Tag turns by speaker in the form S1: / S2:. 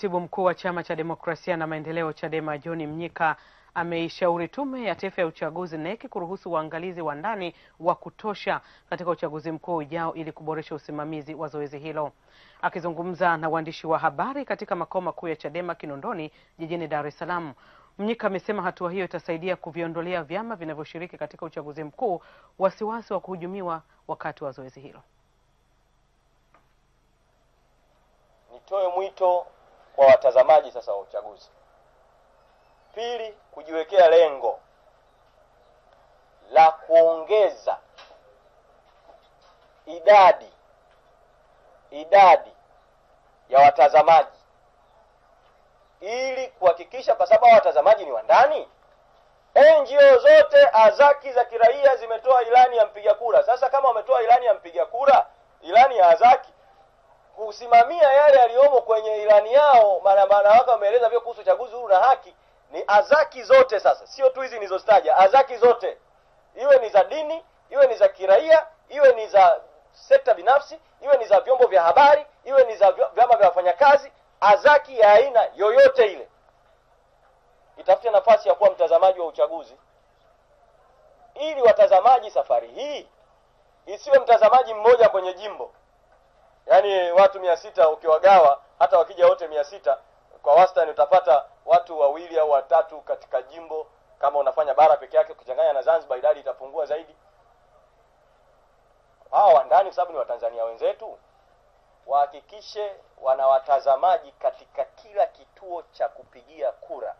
S1: Katibu mkuu wa chama cha demokrasia na maendeleo Chadema John Mnyika ameishauri tume ya taifa ya uchaguzi NEC kuruhusu uangalizi wa ndani wa kutosha katika uchaguzi mkuu ujao ili kuboresha usimamizi wa zoezi hilo. Akizungumza na waandishi wa habari katika makao makuu ya Chadema Kinondoni jijini Dar es Salaam, Mnyika amesema hatua hiyo itasaidia kuviondolea vyama vinavyoshiriki katika uchaguzi mkuu wasiwasi wa kuhujumiwa wakati wa zoezi hilo.
S2: Nitoe mwito kwa watazamaji sasa wa uchaguzi. Pili, kujiwekea lengo la kuongeza idadi idadi ya watazamaji ili kuhakikisha, kwa sababu watazamaji ni wa ndani. NGO zote azaki za kiraia zimetoa ilani ya mpiga kura. Sasa kama wametoa ilani ya mpiga kura, ilani ya azaki kusimamia yale yaliyomo kwenye ilani yao, maana wake wameeleza vio kuhusu uchaguzi huru na haki, ni azaki zote. Sasa sio tu hizi nilizozitaja, azaki zote, iwe ni za dini, iwe ni za kiraia, iwe ni za sekta binafsi, iwe ni za vyombo vya habari, iwe ni za vyama vya wafanyakazi, azaki ya aina yoyote ile itafute nafasi ya kuwa mtazamaji wa uchaguzi, ili watazamaji safari hii isiwe mtazamaji mmoja kwenye jimbo yaani watu mia sita ukiwagawa hata wakija wote mia sita kwa wastani utapata watu wawili au watatu katika jimbo. Kama unafanya bara peke yake, ukichanganya na Zanzibar idadi itapungua zaidi. Hawa wandani kwa sababu ni Watanzania wenzetu, wahakikishe wana watazamaji katika kila kituo cha kupigia kura.